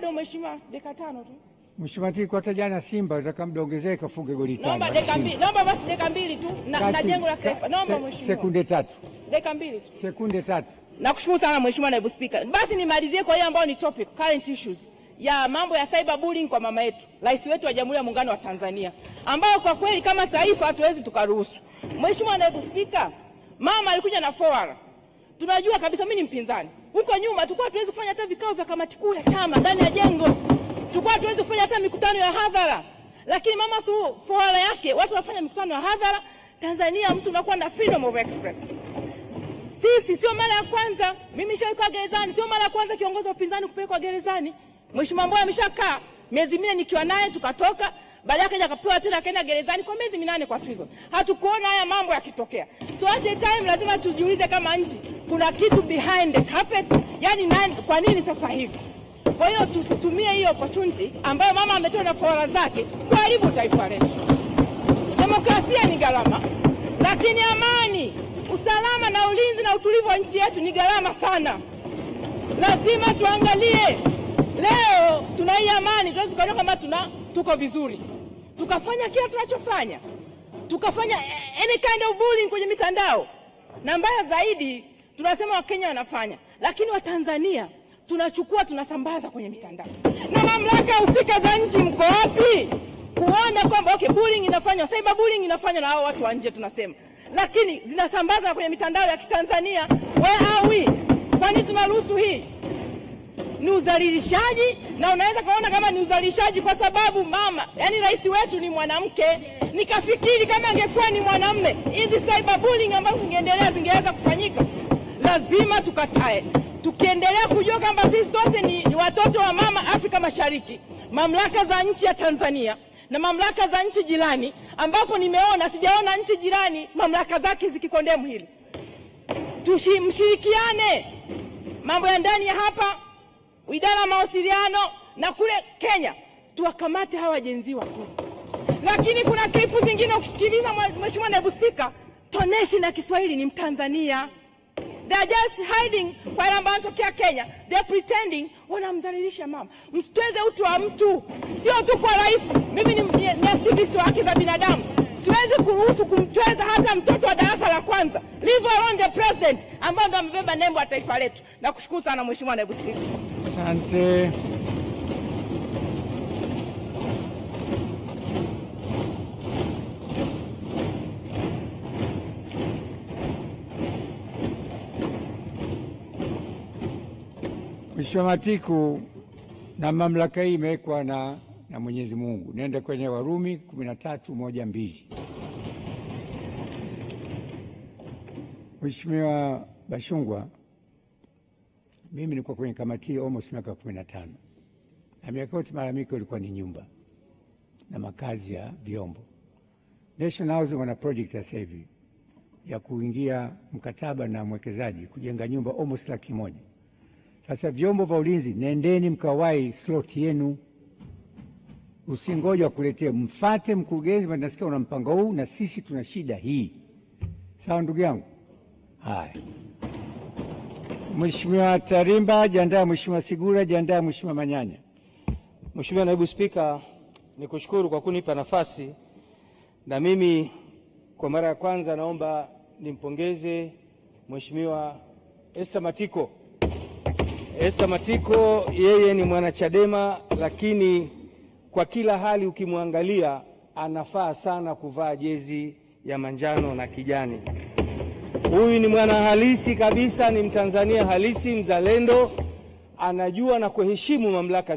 Bado mheshimiwa, dakika tano tu. Mheshimiwa Tiki, hata jana Simba nataka muda ongezee afunge goli tano. Naomba dakika mbili. Naomba basi dakika mbili tu na, na jengo la taifa. Naomba mheshimiwa. Sekunde tatu. Dakika mbili tu. Sekunde tatu. Nakushukuru sana mheshimiwa naibu spika. Basi nimalizie kwa hiyo ambayo ni topic current issues ya mambo ya cyber bullying kwa mama yetu rais wetu wa Jamhuri ya Muungano wa Tanzania, ambayo kwa kweli kama taifa hatuwezi tukaruhusu. Mheshimiwa naibu spika, mama alikuja na 4 Tunajua kabisa mimi ni mpinzani huko nyuma tulikuwa hatuwezi kufanya hata vikao vya kamati kuu ya chama ndani ya jengo, tulikuwa hatuwezi kufanya hata mikutano ya hadhara, lakini mama through fora yake watu wanafanya mikutano ya hadhara. Tanzania mtu unakuwa na freedom of express. Sisi sio mara ya kwanza, mimi nishaikwa gerezani, sio mara ya kwanza kiongozi wa upinzani kupelekwa gerezani. Mheshimiwa mboya ameshakaa miezi minne nikiwa naye tukatoka baadaye akaja akapewa tena akaenda gerezani kwa miezi minane kwa tuzo. Hatukuona haya mambo yakitokea, so at the time lazima tujiulize kama nchi kuna kitu behind the carpet, yani nani, kwa nini sasa hivi? Kwa hiyo tusitumie hiyo opportunity ambayo mama ametoa na fora zake kuharibu taifa letu. Demokrasia ni gharama, lakini amani, usalama na ulinzi na utulivu wa nchi yetu ni gharama sana. Lazima tuangalie leo tuna hii amani, tunaweza kuona kama tuna tuko vizuri tukafanya kila tunachofanya, tukafanya eh, eh, any kind of bullying kwenye mitandao, na mbaya zaidi tunasema Wakenya wanafanya, lakini Watanzania tunachukua tunasambaza kwenye mitandao. Na mamlaka husika za nchi, mko wapi kuona kwamba okay, bullying inafanywa, cyber bullying inafanywa na hao watu wa nje tunasema, lakini zinasambaza kwenye mitandao ya Kitanzania. Where are we? Kwani tunaruhusu hii? ni uzalishaji, na unaweza kuona kama ni uzalishaji kwa sababu mama, yani rais wetu ni mwanamke. Nikafikiri kama angekuwa ni mwanamume, hizi cyber bullying ambazo zingeendelea zingeweza kufanyika. Lazima tukatae, tukiendelea kujua kwamba sisi sote ni, watoto wa mama Afrika Mashariki. Mamlaka za nchi ya Tanzania na mamlaka za nchi jirani, ambapo nimeona sijaona nchi jirani mamlaka zake zikikondemu hili, Tushimshirikiane mambo ya ndani ya hapa idara ya mawasiliano na kule Kenya tuwakamate hawa wajenzi wakuu. Lakini kuna klipu zingine ukisikiliza, Mheshimiwa Naibu Spika, toneshi na Kiswahili ni Mtanzania. They are just hiding wale ambao wanatokea Kenya, they are pretending, wanamdhalilisha mama. Msitweze utu wa mtu, sio tu kwa rais. Mimi ni, ni activist wa haki za binadamu, siwezi kuruhusu kumtweza hata mtoto wa darasa la kwanza, leave alone the president ambaye ndo amebeba nembo ya taifa letu. Nakushukuru sana Mheshimiwa Naibu Spika. Shanti Mheshimiwa Matiku, na mamlaka hii imewekwa na, na Mwenyezi Mungu. Nenda kwenye Warumi kumi na tatu moja mbili. Mheshimiwa Bashungwa mimi nilikuwa kwenye kamati almost miaka kumi na tano na miaka yote malalamiko ilikuwa ni nyumba na makazi ya vyombo. National Housing wana project sasa hivi ya kuingia mkataba na mwekezaji kujenga nyumba almost laki moja. Sasa vyombo vya ulinzi, nendeni mkawai slot yenu, usingoje wakuletee, mfate mkurugenzi, nasikia una mpango huu na sisi tuna shida hii. Sawa ndugu yangu, haya. Mheshimiwa Tarimba, jiandae. Mheshimiwa Sigura, jiandae. Mheshimiwa Manyanya. Mheshimiwa Naibu Spika, nikushukuru kwa kunipa nafasi, na mimi kwa mara ya kwanza naomba nimpongeze Mheshimiwa Esther Matiko. Esther Matiko yeye ni mwanachadema, lakini kwa kila hali ukimwangalia anafaa sana kuvaa jezi ya manjano na kijani. Huyu ni mwana halisi kabisa, ni Mtanzania halisi, mzalendo, anajua na kuheshimu mamlaka za